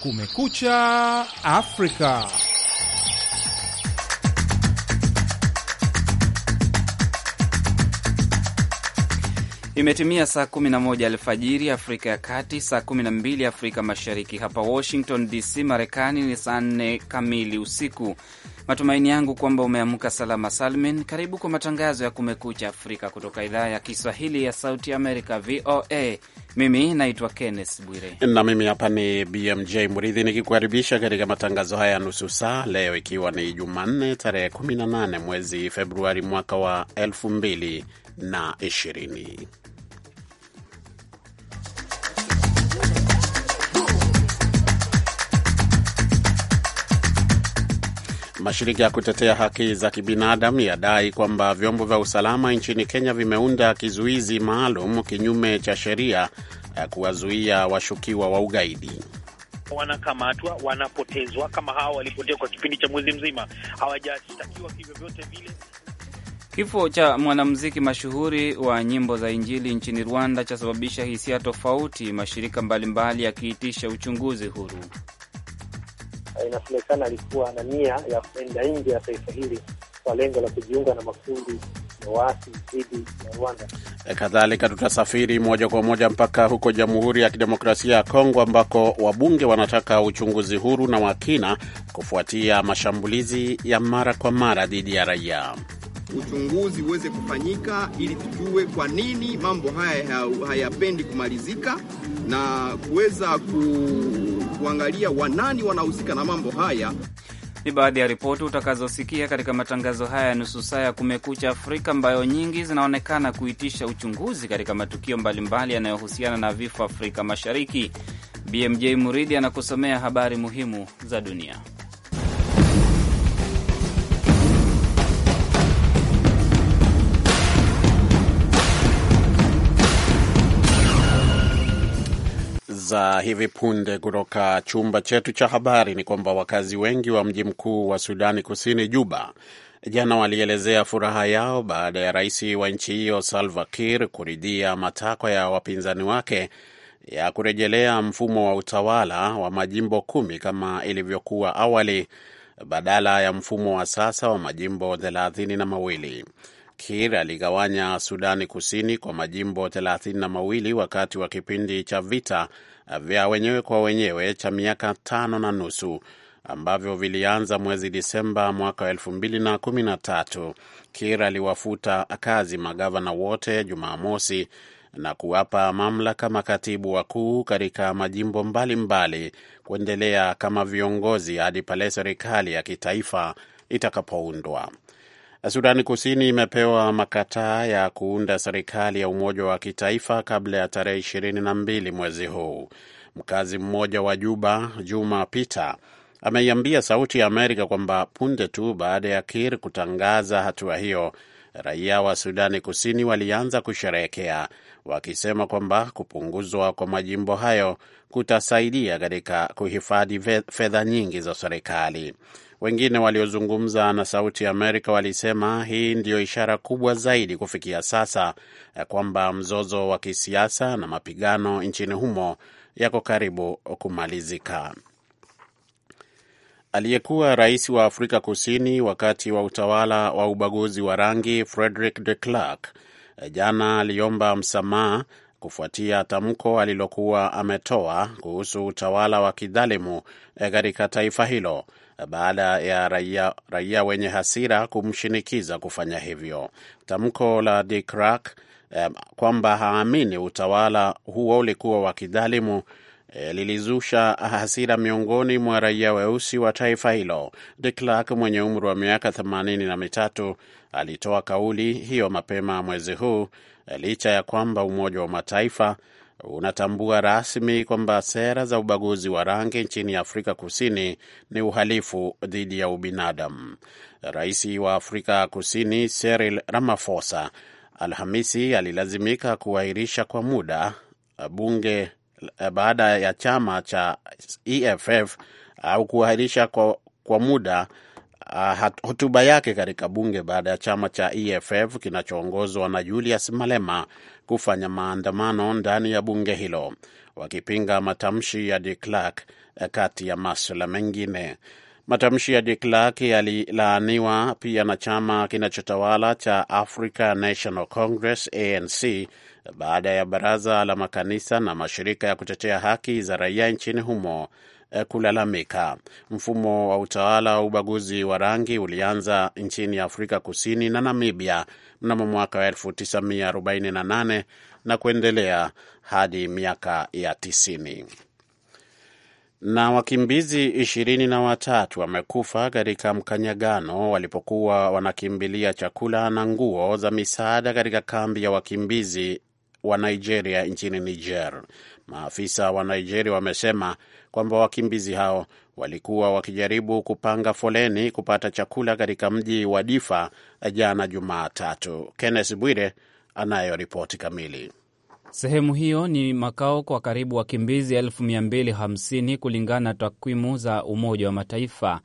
Kumekucha Afrika. Imetimia saa 11 alfajiri Afrika ya Kati, saa 12 Afrika Mashariki. Hapa Washington DC, Marekani ni saa 4 kamili usiku. Matumaini yangu kwamba umeamka salama salmin. Karibu kwa matangazo ya Kumekucha Afrika kutoka idhaa ya Kiswahili ya Sauti Amerika, VOA. Mimi naitwa Kenneth Bwire na mimi hapa ni BMJ Murithi nikikukaribisha katika matangazo haya nusu saa, leo ikiwa ni Jumanne tarehe 18 mwezi Februari mwaka wa 2020. Mashirika ya kutetea haki za kibinadamu yadai kwamba vyombo vya usalama nchini Kenya vimeunda kizuizi maalum kinyume cha sheria ya kuwazuia washukiwa wa ugaidi. Wanakamatwa, wanapotezwa, kama hawa walipotea kwa kipindi cha mwezi mzima, hawajashtakiwa kivyovyote vile. Kifo cha mwanamuziki mashuhuri wa nyimbo za Injili nchini Rwanda chasababisha hisia tofauti, mashirika mbalimbali yakiitisha uchunguzi huru inasemekana eh, alikuwa na nia ya kwenda nje ya taifa hili kwa lengo la kujiunga na makundi ya waasi dhidi ya Rwanda. Eh, kadhalika tutasafiri moja kwa moja mpaka huko Jamhuri ya Kidemokrasia ya Kongo ambako wabunge wanataka uchunguzi huru na wa kina kufuatia mashambulizi ya mara kwa mara dhidi ya raia uchunguzi uweze kufanyika ili tujue kwa nini mambo haya hayapendi kumalizika na kuweza ku, kuangalia wanani wanahusika na mambo haya. Ni baadhi ya ripoti utakazosikia katika matangazo haya ya nusu saa ya Kumekucha Afrika, ambayo nyingi zinaonekana kuitisha uchunguzi katika matukio mbalimbali yanayohusiana na vifo Afrika Mashariki. BMJ Muridi anakusomea habari muhimu za dunia. za hivi punde kutoka chumba chetu cha habari ni kwamba wakazi wengi wa mji mkuu wa Sudani Kusini, Juba, jana walielezea furaha yao baada ya rais wa nchi hiyo Salva Kiir kuridhia matakwa ya wapinzani wake ya kurejelea mfumo wa utawala wa majimbo kumi kama ilivyokuwa awali badala ya mfumo wa sasa wa majimbo thelathini na mawili. Kiir aligawanya Sudani Kusini kwa majimbo thelathini na mawili wakati wa kipindi cha vita vya wenyewe kwa wenyewe cha miaka tano na nusu ambavyo vilianza mwezi Disemba mwaka tatu. kir aliwafuta kazi magavana wote Jumamosi na kuwapa mamlaka makatibu wakuu katika majimbo mbalimbali mbali kuendelea kama viongozi hadi pale serikali ya kitaifa itakapoundwa. Sudani Kusini imepewa makataa ya kuunda serikali ya umoja wa kitaifa kabla ya tarehe ishirini na mbili mwezi huu. Mkazi mmoja wa Juba, Juma Peter, ameiambia Sauti ya Amerika kwamba punde tu baada ya Kir kutangaza hatua hiyo, raia wa Sudani Kusini walianza kusherehekea wakisema kwamba kupunguzwa kwa majimbo hayo kutasaidia katika kuhifadhi fedha nyingi za serikali. Wengine waliozungumza na Sauti ya Amerika walisema hii ndiyo ishara kubwa zaidi kufikia sasa kwamba mzozo wa kisiasa na mapigano nchini humo yako karibu kumalizika. Aliyekuwa rais wa Afrika Kusini wakati wa utawala wa ubaguzi wa rangi Frederick de Klerk jana aliomba msamaha kufuatia tamko alilokuwa ametoa kuhusu utawala wa kidhalimu eh, katika taifa hilo eh, baada ya raia, raia wenye hasira kumshinikiza kufanya hivyo. Tamko la de Klerk eh, kwamba haamini utawala huo ulikuwa wa kidhalimu eh, lilizusha hasira miongoni mwa raia weusi wa taifa hilo. De Klerk mwenye umri wa miaka themanini na mitatu alitoa kauli hiyo mapema mwezi huu Eh, licha ya kwamba Umoja wa Mataifa unatambua rasmi kwamba sera za ubaguzi wa rangi nchini Afrika Kusini ni uhalifu dhidi ya ubinadamu. Rais wa Afrika Kusini Cyril Ramaphosa Alhamisi alilazimika kuahirisha kwa muda eh, bunge eh, baada ya chama cha EFF au kuahirisha kwa, kwa muda uh, hotuba yake katika bunge baada ya chama cha EFF kinachoongozwa na Julius Malema kufanya maandamano ndani ya bunge hilo wakipinga matamshi ya de Klerk eh, kati ya maswala mengine. Matamshi ya de Klerk yalilaaniwa pia na chama kinachotawala cha Africa National Congress ANC baada ya baraza la makanisa na mashirika ya kutetea haki za raia nchini humo Eh, kulalamika. Mfumo wa utawala wa ubaguzi wa rangi ulianza nchini Afrika Kusini na Namibia mnamo mwaka wa 1948 na kuendelea hadi miaka ya tisini. Na wakimbizi ishirini na watatu wamekufa katika mkanyagano walipokuwa wanakimbilia chakula na nguo za misaada katika kambi ya wakimbizi wa Nigeria nchini Niger. Maafisa wa Nigeria wamesema kwamba wakimbizi hao walikuwa wakijaribu kupanga foleni kupata chakula katika mji wa Difa jana Jumatatu. Kenneth Bwire anayo ripoti kamili. Sehemu hiyo ni makao kwa karibu wakimbizi 250 kulingana na takwimu za Umoja wa Mataifa.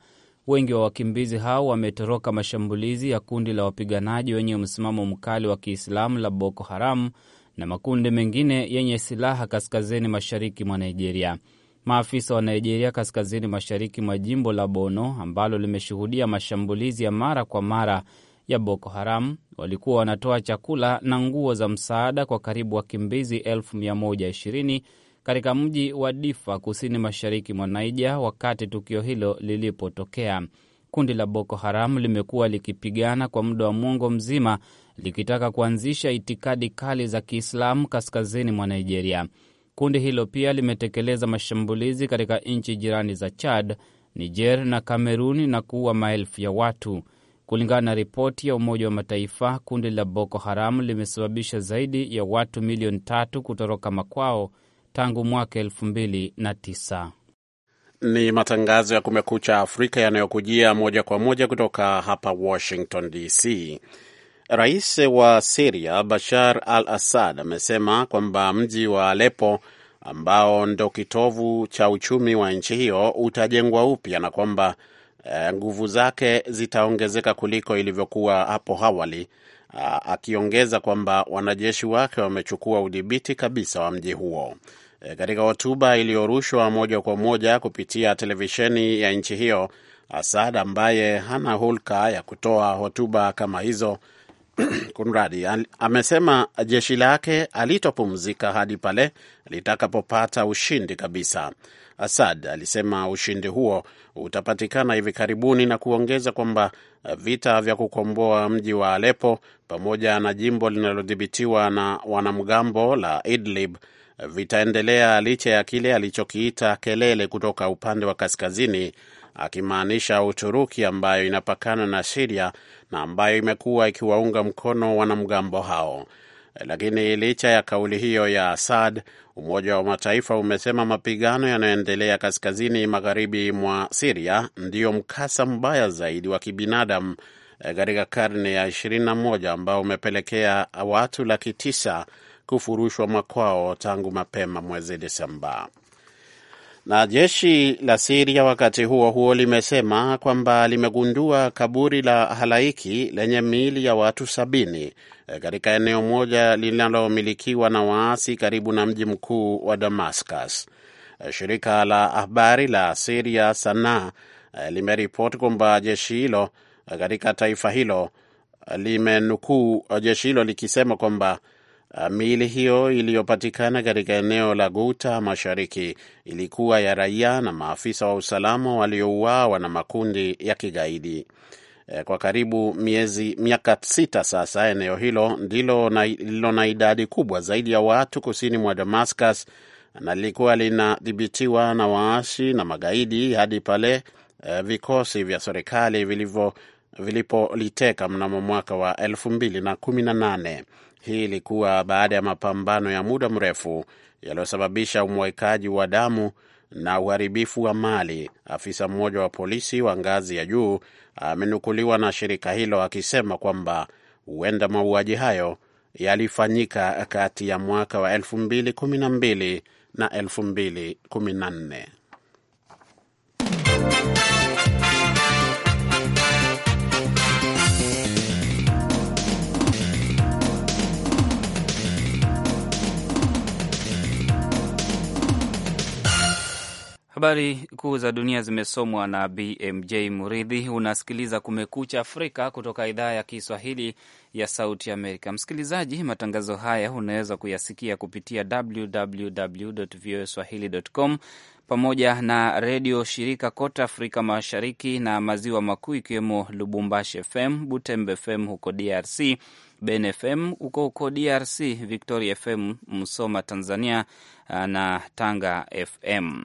Wengi wa wakimbizi hao wametoroka mashambulizi ya kundi la wapiganaji wenye msimamo mkali wa Kiislamu la Boko Haram na makundi mengine yenye silaha kaskazini mashariki mwa Nigeria. Maafisa wa Nigeria kaskazini mashariki mwa jimbo la bono ambalo limeshuhudia mashambulizi ya mara kwa mara ya Boko Haram walikuwa wanatoa chakula na nguo za msaada kwa karibu wakimbizi 120 katika mji wa Difa kusini mashariki mwa naija wakati tukio hilo lilipotokea kundi la Boko Haram limekuwa likipigana kwa muda wa mwongo mzima likitaka kuanzisha itikadi kali za Kiislamu kaskazini mwa Nigeria. Kundi hilo pia limetekeleza mashambulizi katika nchi jirani za Chad, Niger na Kameruni na kuua maelfu ya watu. Kulingana na ripoti ya Umoja wa Mataifa, kundi la Boko Haram limesababisha zaidi ya watu milioni tatu kutoroka makwao tangu mwaka elfu mbili na tisa. Ni matangazo ya Kumekucha Afrika yanayokujia moja kwa moja kutoka hapa Washington DC. Rais wa Siria Bashar al Assad amesema kwamba mji wa Alepo ambao ndo kitovu cha uchumi wa nchi hiyo utajengwa upya na kwamba eh, nguvu zake zitaongezeka kuliko ilivyokuwa hapo awali, ah, akiongeza kwamba wanajeshi wake wamechukua udhibiti kabisa wa mji huo. E, katika hotuba iliyorushwa moja kwa moja kupitia televisheni ya nchi hiyo. Asad ambaye hana hulka ya kutoa hotuba kama hizo kunradi, amesema jeshi lake alitopumzika hadi pale litakapopata ushindi kabisa. Asad alisema ushindi huo utapatikana hivi karibuni na kuongeza kwamba e, vita vya kukomboa mji wa Aleppo pamoja na jimbo linalodhibitiwa na wanamgambo la Idlib vitaendelea licha ya kile alichokiita kelele kutoka upande wa kaskazini, akimaanisha Uturuki ambayo inapakana na Siria na ambayo imekuwa ikiwaunga mkono wanamgambo hao. Lakini licha ya kauli hiyo ya Assad, Umoja wa Mataifa umesema mapigano yanayoendelea kaskazini magharibi mwa Siria ndiyo mkasa mbaya zaidi wa kibinadamu eh, katika karne ya 21 ambao umepelekea watu laki tisa kufurushwa makwao tangu mapema mwezi Desemba. Na jeshi la Siria wakati huo huo limesema kwamba limegundua kaburi la halaiki lenye miili ya watu sabini e, katika eneo moja linalomilikiwa na waasi karibu na mji mkuu wa Damascus. E, shirika la habari la Siria Sanaa e, limeripoti kwamba jeshi hilo katika taifa hilo limenukuu jeshi hilo likisema kwamba Ah, miili hiyo iliyopatikana katika eneo la Guta Mashariki ilikuwa ya raia na maafisa wa usalama waliouawa na makundi ya kigaidi. Eh, kwa karibu miezi miaka sita sasa, eneo hilo ndilo lililo na idadi kubwa zaidi ya watu kusini mwa Damascus na lilikuwa linadhibitiwa na waasi na magaidi hadi pale eh, vikosi vya serikali vilivyo vilipoliteka mnamo mwaka wa 218 Hii ilikuwa baada ya mapambano ya muda mrefu yaliyosababisha umwekaji wa damu na uharibifu wa mali. Afisa mmoja wa polisi wa ngazi ya juu amenukuliwa na shirika hilo akisema kwamba huenda mauaji hayo yalifanyika kati ya mwaka wa 2012 na 2014. Habari kuu za dunia zimesomwa na BMJ Muridhi. Unasikiliza Kumekucha Afrika kutoka idhaa ya Kiswahili ya Sauti Amerika. Msikilizaji, matangazo haya unaweza kuyasikia kupitia www voa swahili com pamoja na redio shirika kote Afrika Mashariki na Maziwa Makuu, ikiwemo Lubumbashi FM, Butembe FM huko DRC, Ben FM huko huko DRC, Victoria FM Msoma Tanzania uh, na Tanga FM.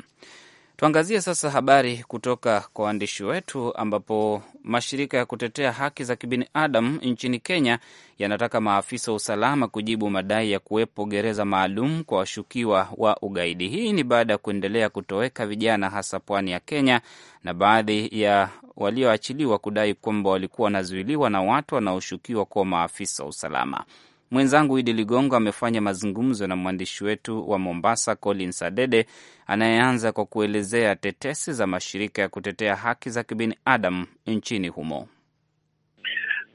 Tuangazie sasa habari kutoka kwa waandishi wetu, ambapo mashirika ya kutetea haki za kibinadamu nchini Kenya yanataka maafisa wa usalama kujibu madai ya kuwepo gereza maalum kwa washukiwa wa ugaidi. Hii ni baada ya kuendelea kutoweka vijana, hasa pwani ya Kenya, na baadhi ya walioachiliwa kudai kwamba walikuwa wanazuiliwa na watu wanaoshukiwa kuwa maafisa wa usalama. Mwenzangu Idi Ligongo amefanya mazungumzo na mwandishi wetu wa Mombasa, Collins Adede, anayeanza kwa kuelezea tetesi za mashirika ya kutetea haki za kibinadamu nchini humo.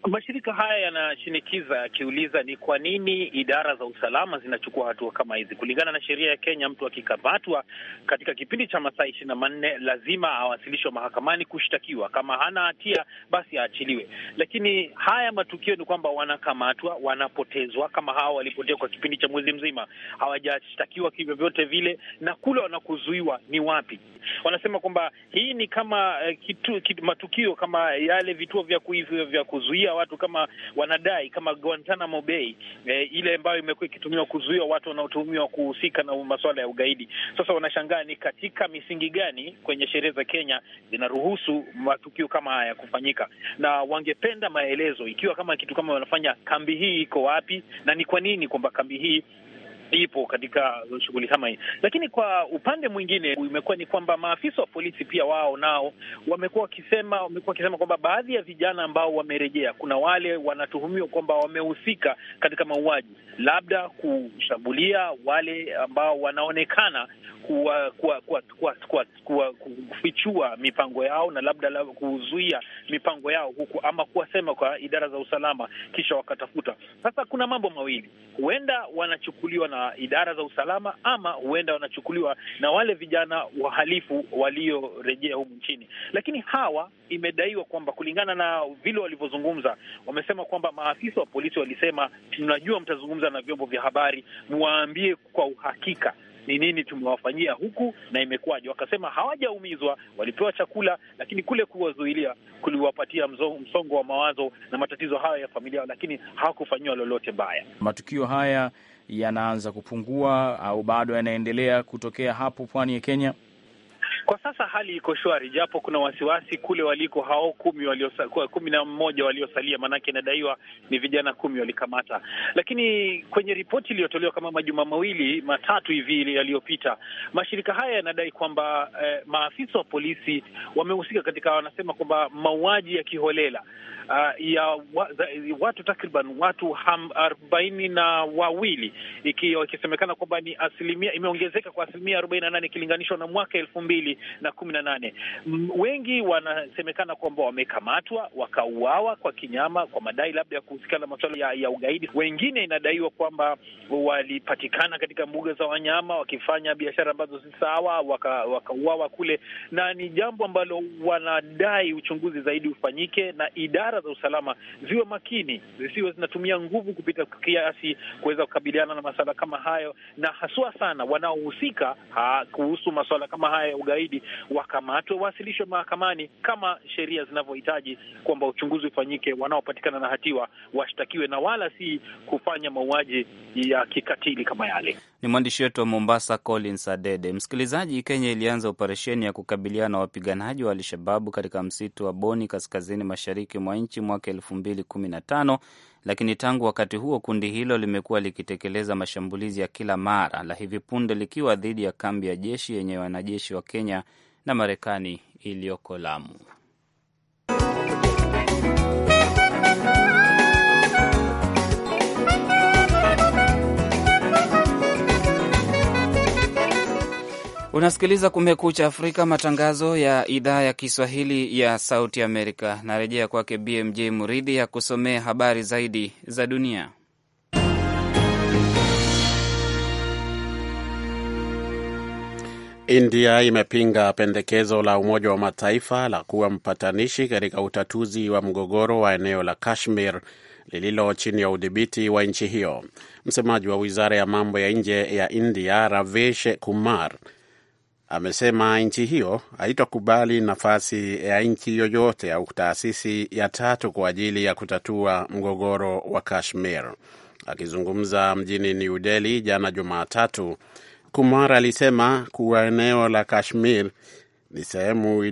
Mashirika haya yanashinikiza akiuliza ni kwa nini idara za usalama zinachukua hatua kama hizi. Kulingana na sheria ya Kenya, mtu akikamatwa katika kipindi cha masaa ishirini na manne lazima awasilishwe mahakamani kushtakiwa. Kama hana hatia, basi aachiliwe. Lakini haya matukio ni kwamba wanakamatwa, wanapotezwa. Kama hawa walipotea kwa kipindi cha mwezi mzima, hawajashtakiwa kivyovyote vile, na kule wanakuzuiwa ni wapi? Wanasema kwamba hii ni kama eh, kitu, kitu, matukio kama yale vituo vya vya kuzuia watu kama wanadai kama Guantanamo Bay e, ile ambayo imekuwa ikitumiwa kuzuia watu wanaotuhumiwa kuhusika na masuala ya ugaidi. Sasa wanashangaa ni katika misingi gani kwenye sheria za Kenya zinaruhusu matukio kama haya kufanyika, na wangependa maelezo ikiwa kama kitu kama wanafanya kambi hii iko wapi na ni kwa nini kwamba kambi hii ipo katika shughuli kama hii. Lakini kwa upande mwingine imekuwa ni kwamba maafisa wa polisi pia wao nao wamekuwa wakisema wamekuwa wakisema kwamba baadhi ya vijana ambao wamerejea, kuna wale wanatuhumiwa kwamba wamehusika katika mauaji, labda kushambulia wale ambao wanaonekana kuwa, kuwa, kuwa, kuwa, kuwa, kuwa, kufichua mipango yao na labda la kuzuia mipango yao huku ama kuwasema kwa idara za usalama kisha wakatafuta. Sasa kuna mambo mawili, huenda wanachukuliwa na na idara za usalama, ama huenda wanachukuliwa na wale vijana wahalifu waliorejea humu nchini. Lakini hawa imedaiwa kwamba kulingana na vile walivyozungumza, wamesema kwamba maafisa wa polisi walisema, tunajua mtazungumza na vyombo vya habari, muwaambie kwa uhakika ni nini tumewafanyia huku na imekuwaje. Wakasema hawajaumizwa, walipewa chakula, lakini kule kuwazuilia kuliwapatia msongo wa mawazo na matatizo hayo ya familia, lakini hawakufanyiwa lolote baya. Matukio haya yanaanza kupungua au bado yanaendelea kutokea hapo pwani ya Kenya? Kwa sasa hali iko shwari, japo kuna wasiwasi kule waliko hao kumi waliosa, kumi na mmoja waliosalia, maanake inadaiwa ni vijana kumi walikamata. Lakini kwenye ripoti iliyotolewa kama majuma mawili matatu hivi yaliyopita, mashirika haya yanadai kwamba eh, maafisa wa polisi wamehusika katika, wanasema kwamba mauaji ya kiholela uh, ya wa, za, watu takriban watu arobaini na wawili ikisemekana kwamba ni asilimia imeongezeka kwa asilimia arobaini na nane ikilinganishwa na mwaka elfu mbili na kumi na nane. Wengi wanasemekana kwamba wamekamatwa wakauawa kwa kinyama kwa madai labda ya kuhusikana na masuala ya, ya ugaidi. Wengine inadaiwa kwamba walipatikana katika mbuga za wanyama wakifanya biashara ambazo si sawa, wakauawa waka kule, na ni jambo ambalo wanadai uchunguzi zaidi ufanyike na idara za usalama ziwe makini, zisiwe zinatumia nguvu kupita kiasi kuweza kukabiliana na masuala kama hayo, na haswa sana wanaohusika kuhusu masuala kama haya ya ugaidi zaidi wakamatwe, wawasilishwe mahakamani kama sheria zinavyohitaji kwamba uchunguzi ufanyike, wanaopatikana na hatiwa washtakiwe na wala si kufanya mauaji ya kikatili kama yale. Ni mwandishi wetu wa Mombasa, Collins Adede. Msikilizaji, Kenya ilianza operesheni ya kukabiliana na wapiganaji wa Alshababu katika msitu wa Boni, kaskazini mashariki mwa nchi mwaka elfu mbili kumi na tano lakini tangu wakati huo kundi hilo limekuwa likitekeleza mashambulizi ya kila mara, la hivi punde likiwa dhidi ya kambi ya jeshi yenye wanajeshi wa Kenya na Marekani iliyoko Lamu. Unasikiliza Kumekucha Afrika, matangazo ya idhaa ya Kiswahili ya Sauti Amerika. Narejea kwake BMJ Muridhi ya kusomea habari zaidi za dunia. India imepinga pendekezo la Umoja wa Mataifa la kuwa mpatanishi katika utatuzi wa mgogoro wa eneo la Kashmir lililo chini ya udhibiti wa nchi hiyo. Msemaji wa wizara ya mambo ya nje ya India, ravish Kumar, amesema nchi hiyo haitokubali nafasi ya nchi yoyote au taasisi ya tatu kwa ajili ya kutatua mgogoro wa Kashmir. Akizungumza mjini New Delhi jana Jumatatu, Kumar alisema kuwa eneo la Kashmir ni sehemu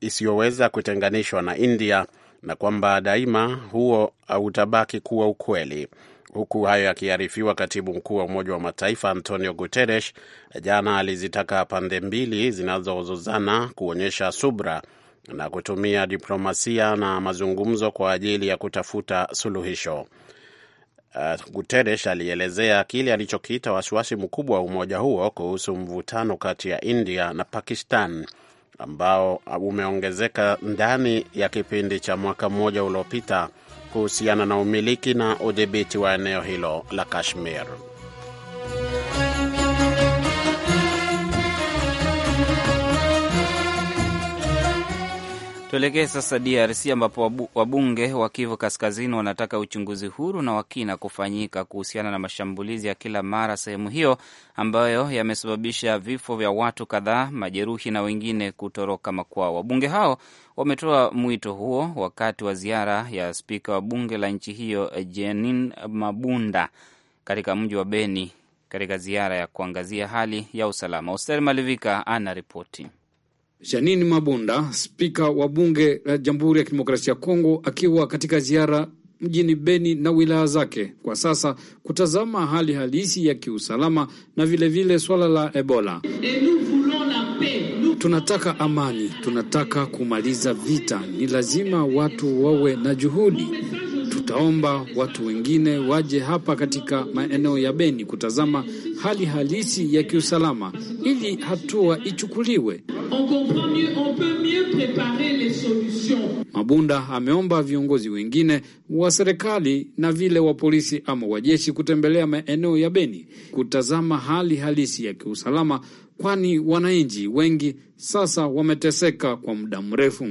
isiyoweza kutenganishwa na India na kwamba daima huo hautabaki kuwa ukweli. Huku hayo yakiarifiwa, katibu mkuu wa Umoja wa Mataifa Antonio Guterres jana alizitaka pande mbili zinazozozana kuonyesha subra na kutumia diplomasia na mazungumzo kwa ajili ya kutafuta suluhisho. Uh, Guterres alielezea kile alichokiita wasiwasi mkubwa wa umoja huo kuhusu mvutano kati ya India na Pakistan ambao umeongezeka ndani ya kipindi cha mwaka mmoja uliopita kuhusiana na umiliki na udhibiti wa eneo hilo la Kashmir. Tuelekee sasa DRC ambapo wabunge wa Kivu Kaskazini wanataka uchunguzi huru na wakina kufanyika kuhusiana na mashambulizi ya kila mara sehemu hiyo ambayo yamesababisha vifo vya watu kadhaa, majeruhi na wengine kutoroka makwao. Wabunge hao wametoa mwito huo wakati wa ziara ya spika wa bunge la nchi hiyo Jeanine Mabunda katika mji wa Beni katika ziara ya kuangazia hali ya usalama. Oster Malivika ana ripoti. Janini Mabunda, spika wa bunge la Jamhuri ya Kidemokrasia ya Kongo, akiwa katika ziara mjini Beni na wilaya zake kwa sasa kutazama hali halisi ya kiusalama na vilevile vile swala la Ebola. Tunataka amani, tunataka kumaliza vita, ni lazima watu wawe na juhudi. Tutaomba watu wengine waje hapa katika maeneo ya Beni kutazama hali halisi ya kiusalama ili hatua ichukuliwe. Mabunda ameomba viongozi wengine wa serikali na vile wa polisi ama wajeshi kutembelea maeneo ya Beni kutazama hali halisi ya kiusalama kwani wananchi wengi sasa wameteseka kwa muda mrefu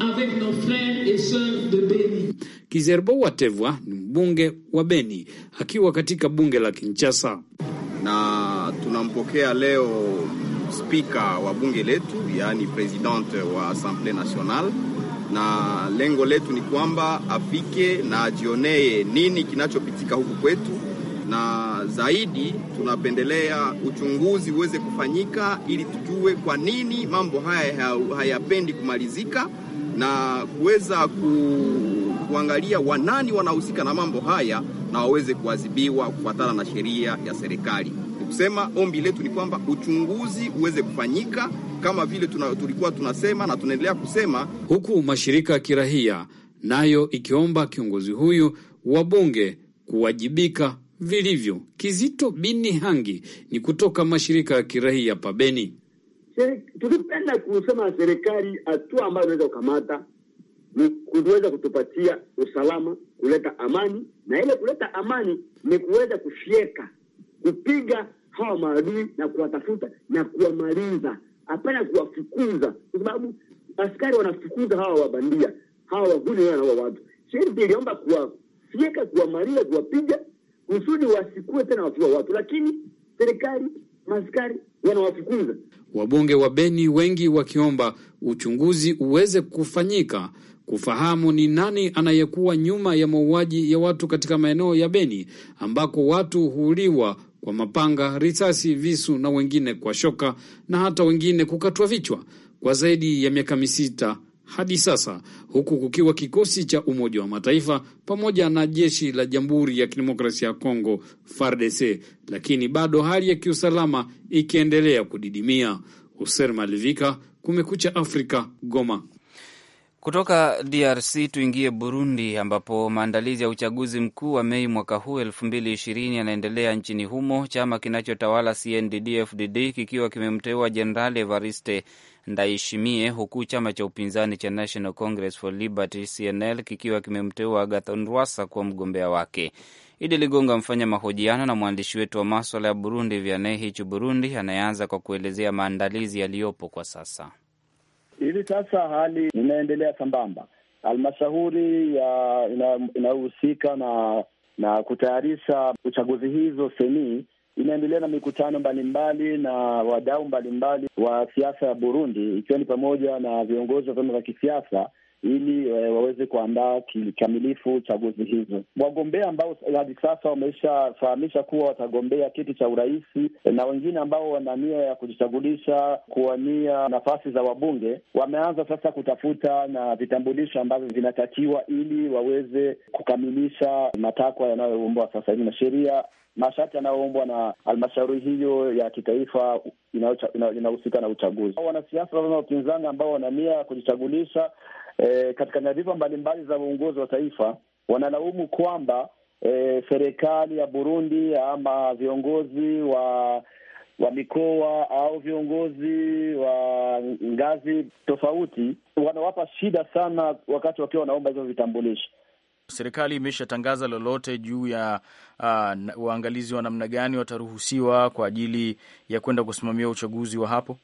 avec nos frères et sœurs de Beni. Kizerbo Watevwa ni mbunge wa Beni akiwa katika bunge la Kinshasa, na tunampokea leo spika wa bunge letu, yaani presidente wa Assemblée Nationale, na lengo letu ni kwamba afike na ajionee nini kinachopitika huku kwetu, na zaidi tunapendelea uchunguzi uweze kufanyika ili tujue kwa nini mambo haya hayapendi kumalizika na kuweza ku, kuangalia wanani wanahusika na mambo haya na waweze kuadhibiwa kufuatana na sheria ya serikali. Ni kusema ombi letu ni kwamba uchunguzi uweze kufanyika kama vile tuna, tulikuwa tunasema na tunaendelea kusema, huku mashirika ya kirahia nayo ikiomba kiongozi huyu wa bunge kuwajibika vilivyo. Kizito Bini Hangi ni kutoka mashirika ya kirahia Pabeni. Tulipenda kusema serikali, hatua ambayo inaweza kukamata ni kuweza kutupatia usalama, kuleta amani, na ile kuleta amani ni kuweza kufyeka, kupiga hawa maadui na kuwatafuta na kuwamaliza, hapana kuwafukuza, kwa sababu askari wanafukuza hawa wabandia, hawa wahuni na watu. Sharti iliomba kuwafyeka, kuwamaliza, kuwapiga kusudi wasikuwe tena wakiwa watu, lakini serikali, maskari wanawafukuza. Wabunge wa Beni wengi wakiomba uchunguzi uweze kufanyika kufahamu ni nani anayekuwa nyuma ya mauaji ya watu katika maeneo ya Beni ambako watu huuliwa kwa mapanga, risasi, visu na wengine kwa shoka na hata wengine kukatwa vichwa kwa zaidi ya miaka misita hadi sasa, huku kukiwa kikosi cha Umoja wa Mataifa pamoja na jeshi la Jamhuri ya Kidemokrasia ya Kongo FARDC, lakini bado hali ya kiusalama ikiendelea kudidimia. Huser Malivika, Kumekucha Afrika, Goma. Kutoka DRC tuingie Burundi, ambapo maandalizi ya uchaguzi mkuu wa Mei mwaka huu elfu mbili ishirini yanaendelea nchini humo, chama kinachotawala CNDD-FDD kikiwa kimemteua Jenerali Evariste Ndayishimiye, huku chama cha upinzani cha National Congress for Liberty CNL kikiwa kimemteua Agathon Rwasa kuwa mgombea wake. Idi Ligonga amfanya mahojiano na mwandishi wetu wa maswala ya Burundi Vianney Burundi, anayeanza kwa kuelezea maandalizi yaliyopo kwa sasa. Hivi sasa hali inaendelea sambamba. Halmashauri inayohusika ina na na kutayarisha uchaguzi hizo seni inaendelea na mikutano mbalimbali na wadau mbalimbali wa siasa ya Burundi, ikiwa ni pamoja na viongozi wa vyama vya kisiasa ili e, waweze kuandaa kikamilifu chaguzi hizo. Wagombea ambao hadi sasa wameshafahamisha kuwa watagombea kiti cha urais eh, na wengine ambao wana nia ya kujichagulisha kuwania nafasi za wabunge wameanza sasa kutafuta na vitambulisho ambavyo vinatakiwa ili waweze kukamilisha matakwa yanayoombwa sasa hivi na sheria masharti yanayoombwa na halmashauri hiyo ya kitaifa inayohusika ina, ina na uchaguzi. Wanasiasa wapinzani ambao wana nia ya kujichagulisha e, katika nyadhifa mbalimbali za uongozi wa taifa wanalaumu kwamba e, serikali ya Burundi ama viongozi wa wa mikoa au viongozi wa ngazi tofauti wanawapa shida sana wakati wakiwa wanaomba hivyo vitambulisho. Serikali imeshatangaza lolote juu ya uh, ah, waangalizi wa namna gani wataruhusiwa kwa ajili ya kwenda kusimamia uchaguzi wa hapo?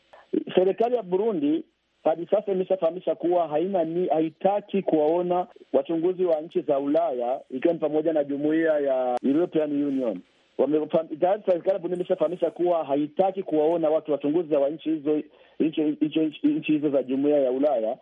Serikali ya Burundi hadi sasa imeshafahamisha kuwa haina ni haitaki kuwaona wachunguzi wa nchi za Ulaya ikiwa ni pamoja na jumuiya ya European Union. Tayari imeshafahamisha kuwa haitaki kuwaona watu wachunguzi wa nchi hizo nchi hizo za jumuiya ya Ulaya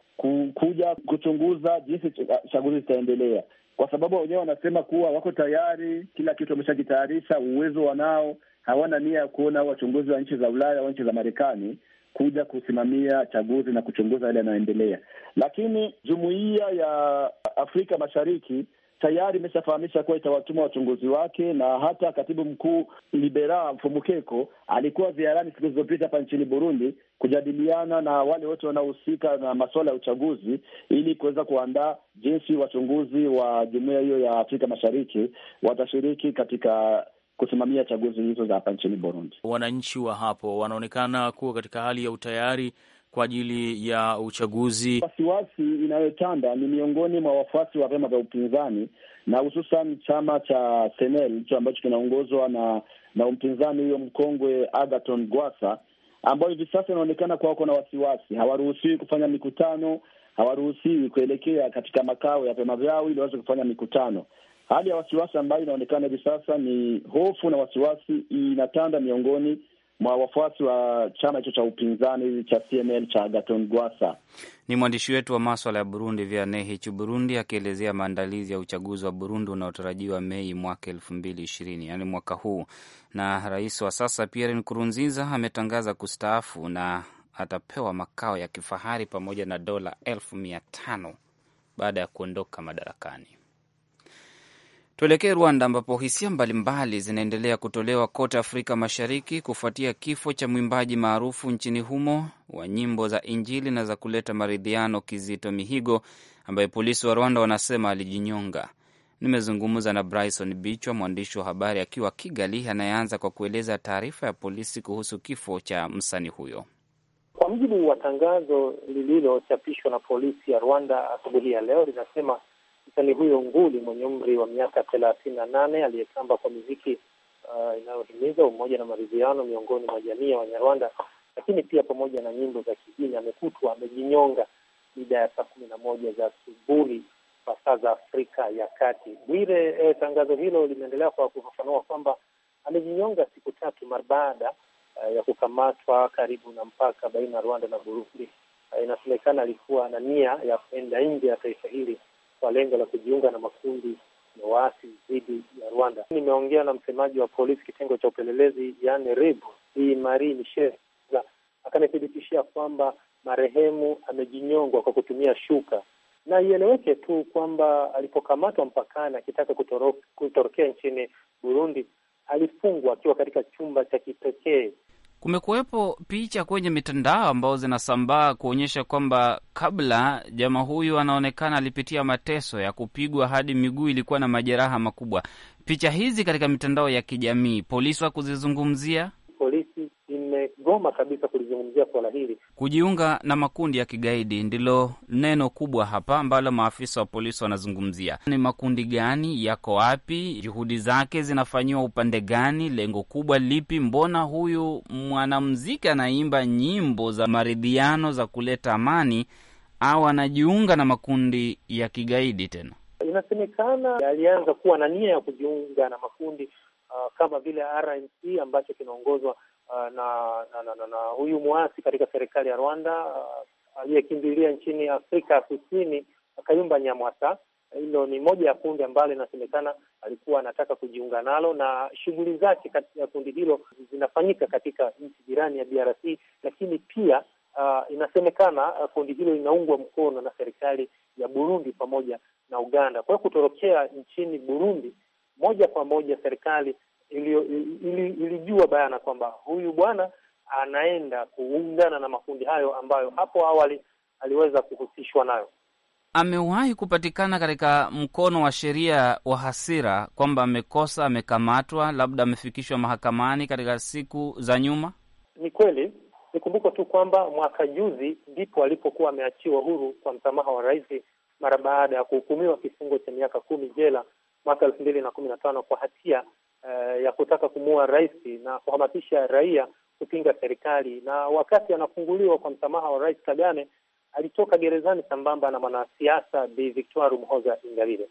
kuja kuchunguza jinsi chaguzi zitaendelea, kwa sababu wenyewe wanasema kuwa wako tayari, kila kitu wameshakitayarisha, uwezo wanao, hawana nia ya kuona wachunguzi wa nchi za Ulaya au nchi za Marekani kuja kusimamia chaguzi na kuchunguza yale yanayoendelea. Lakini jumuiya ya Afrika Mashariki tayari imeshafahamisha kuwa itawatuma wachunguzi wake, na hata katibu mkuu Libera Mfumukeko alikuwa ziarani siku zilizopita hapa nchini Burundi kujadiliana na wale wote wanaohusika na masuala ya uchaguzi ili kuweza kuandaa jinsi wachunguzi wa jumuiya hiyo ya Afrika Mashariki watashiriki katika kusimamia chaguzi hizo za hapa nchini Burundi. Wananchi wa hapo wanaonekana kuwa katika hali ya utayari kwa ajili ya uchaguzi. Wasiwasi inayotanda ni miongoni mwa wafuasi wa vyama vya upinzani na hususan chama cha Senel hicho ambacho kinaongozwa na na mpinzani huyo mkongwe agaton Gwasa, ambao hivi sasa inaonekana kuwa wako na wasiwasi. Hawaruhusiwi kufanya mikutano, hawaruhusiwi kuelekea katika makao ya vyama vyao ili waweze kufanya mikutano. Hali ya wasiwasi ambayo inaonekana hivi sasa ni hofu na wasiwasi inatanda miongoni mwa wafuasi wa chama hicho cha upinzani cha CNL cha Agathon Gwasa. Ni mwandishi wetu wa maswala ya Burundi Vianney Burundi akielezea maandalizi ya uchaguzi wa Burundi unaotarajiwa Mei mwaka elfu mbili ishirini, yaani mwaka huu. Na rais wa sasa Pierre Nkurunziza ametangaza kustaafu na atapewa makao ya kifahari pamoja na dola elfu mia tano baada ya kuondoka madarakani. Tuelekee Rwanda ambapo hisia mbalimbali zinaendelea kutolewa kote Afrika Mashariki kufuatia kifo cha mwimbaji maarufu nchini humo wa nyimbo za Injili na za kuleta maridhiano, Kizito Mihigo, ambaye polisi wa Rwanda wanasema alijinyonga. Nimezungumza na Bryson Bichwa, mwandishi wa habari akiwa Kigali, anayeanza kwa kueleza taarifa ya polisi kuhusu kifo cha msanii huyo. Kwa mujibu wa tangazo lililochapishwa na polisi ya Rwanda asubuhi ya leo, linasema msanii huyo nguli mwenye umri wa miaka thelathini na nane aliyetamba kwa muziki uh, inayohimiza umoja na maridhiano miongoni mwa jamii ya Wanyarwanda, lakini pia pamoja na nyimbo za kidini, amekutwa amejinyonga mida ya saa kumi na moja za asubuhi kwa saa za Afrika ya Kati. Bwire, eh, tangazo hilo limeendelea kwa kufafanua kwamba amejinyonga siku tatu mara baada uh, ya kukamatwa karibu na mpaka baina ya Rwanda na Burundi. Uh, inasemekana alikuwa na nia ya kuenda nje ya taifa hili kwa lengo la kujiunga na makundi ya waasi dhidi ya Rwanda. Nimeongea na msemaji wa polisi kitengo cha upelelezi, yani RIB, hii Marie Michel, akanithibitishia kwamba marehemu amejinyongwa kwa kutumia shuka, na ieleweke tu kwamba alipokamatwa mpakani akitaka kutorokea nchini Burundi alifungwa akiwa katika chumba cha kipekee kumekuwepo picha kwenye mitandao ambao zinasambaa kuonyesha kwamba kabla jamaa huyu anaonekana alipitia mateso ya kupigwa hadi miguu ilikuwa na majeraha makubwa. Picha hizi katika mitandao ya kijamii, polisi wa kuzizungumzia wamegoma kabisa kulizungumzia suala hili. Kujiunga na makundi ya kigaidi ndilo neno kubwa hapa ambalo maafisa wa polisi wanazungumzia. Ni makundi gani? Yako wapi? Juhudi zake zinafanyiwa upande gani? Lengo kubwa lipi? Mbona huyu mwanamuziki anaimba nyimbo za maridhiano za kuleta amani au anajiunga na makundi ya kigaidi tena? Inasemekana alianza kuwa na nia ya kujiunga na makundi uh, kama vile RNC ambacho kinaongozwa na, na, na, na, na huyu mwasi katika serikali ya Rwanda aliyekimbilia nchini Afrika ya Kusini, Kayumba Nyamwasa. Hilo ni moja ya kundi ambalo inasemekana alikuwa anataka kujiunga nalo, na shughuli zake katika kundi hilo zinafanyika katika nchi jirani ya DRC, lakini pia uh, inasemekana kundi hilo linaungwa mkono na serikali ya Burundi pamoja na Uganda. Kwa hiyo kutorokea nchini Burundi moja kwa moja serikali ilijua ili, ili bayana kwamba huyu bwana anaenda kuungana na makundi hayo ambayo hapo awali aliweza kuhusishwa nayo. Amewahi kupatikana katika mkono wa sheria wa hasira kwamba amekosa, amekamatwa, labda amefikishwa mahakamani katika siku za nyuma. Ni kweli, nikumbuka tu kwamba mwaka juzi ndipo alipokuwa ameachiwa huru kwa msamaha wa rais mara baada ya kuhukumiwa kifungo cha miaka kumi jela mwaka elfu mbili na kumi na tano kwa hatia uh, ya kutaka kumuua rais na kuhamasisha raia kupinga serikali. Na wakati anafunguliwa kwa msamaha wa Rais Kagame alitoka gerezani sambamba na mwanasiasa Bi Victoire Muhoza Ingabire.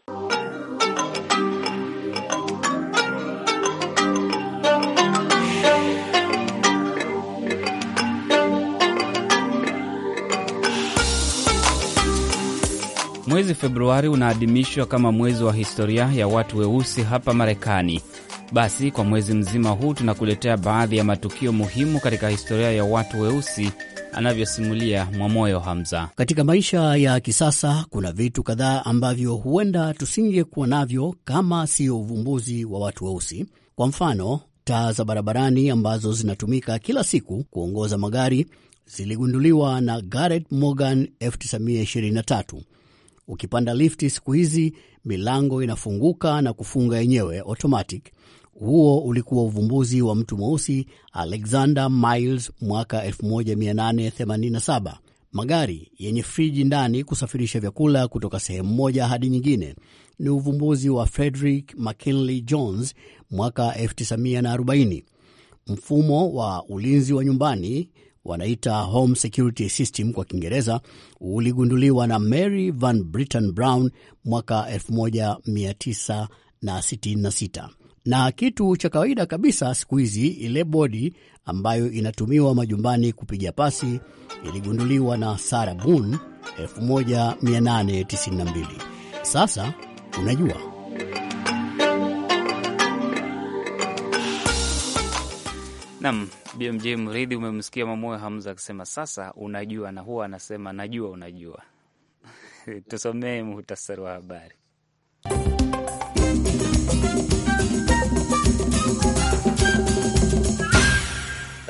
Mwezi Februari unaadhimishwa kama mwezi wa historia ya watu weusi hapa Marekani. Basi kwa mwezi mzima huu tunakuletea baadhi ya matukio muhimu katika historia ya watu weusi, anavyosimulia Mwamoyo Hamza. Katika maisha ya kisasa kuna vitu kadhaa ambavyo huenda tusingekuwa navyo kama siyo uvumbuzi wa watu weusi. Kwa mfano, taa za barabarani ambazo zinatumika kila siku kuongoza magari ziligunduliwa na Gareth Morgan 1923 Ukipanda lifti siku hizi milango inafunguka na kufunga yenyewe automatic. Huo ulikuwa uvumbuzi wa mtu mweusi Alexander Miles mwaka 1887. Magari yenye friji ndani kusafirisha vyakula kutoka sehemu moja hadi nyingine ni uvumbuzi wa Frederick McKinley Jones mwaka 1940. Mfumo wa ulinzi wa nyumbani wanaita Home Security System kwa Kiingereza uligunduliwa na Mary Van Britten Brown mwaka 1966 na kitu cha kawaida kabisa siku hizi, ile bodi ambayo inatumiwa majumbani kupiga pasi iligunduliwa na Sarah Boone 1892. Sasa unajua nam BMJ Mridhi, umemsikia Mamoyo Hamza akisema sasa unajua, na huwa anasema najua unajua. Tusomee muhtasari wa habari.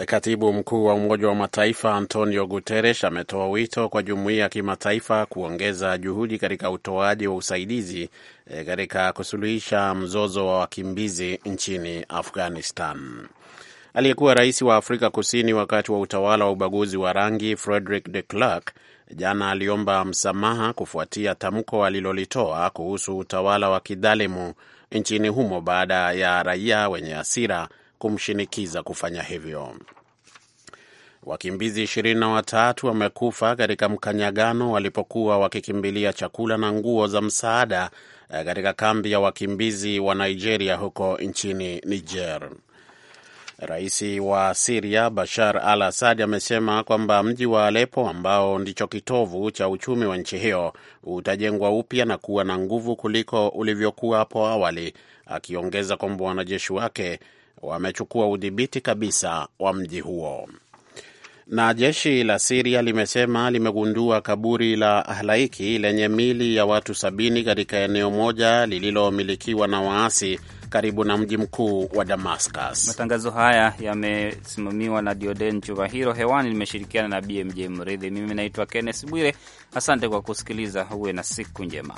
Katibu mkuu wa Umoja wa Mataifa Antonio Guterres ametoa wito kwa jumuiya ya kimataifa kuongeza juhudi katika utoaji wa usaidizi eh, katika kusuluhisha mzozo wa wakimbizi nchini Afghanistan. Aliyekuwa rais wa Afrika Kusini wakati wa utawala wa ubaguzi wa rangi Frederick de Klerk jana aliomba msamaha kufuatia tamko alilolitoa kuhusu utawala wa kidhalimu nchini humo baada ya raia wenye hasira kumshinikiza kufanya hivyo. Wakimbizi ishirini na watatu wamekufa katika mkanyagano walipokuwa wakikimbilia chakula na nguo za msaada eh, katika kambi ya wakimbizi wa Nigeria huko nchini Niger. Rais wa Siria Bashar al Assad amesema kwamba mji wa Alepo ambao ndicho kitovu cha uchumi wa nchi hiyo utajengwa upya na kuwa na nguvu kuliko ulivyokuwa hapo awali, akiongeza kwamba wanajeshi wake wamechukua udhibiti kabisa wa mji huo. Na jeshi la Siria limesema limegundua kaburi la halaiki lenye mili ya watu sabini katika eneo moja lililomilikiwa na waasi karibu na mji mkuu wa Damascus. Matangazo haya yamesimamiwa na Dioden Chuvahiro, Hewani limeshirikiana na BMJ Mridhi. Mimi naitwa Kenneth Bwire. Asante kwa kusikiliza, huwe na siku njema.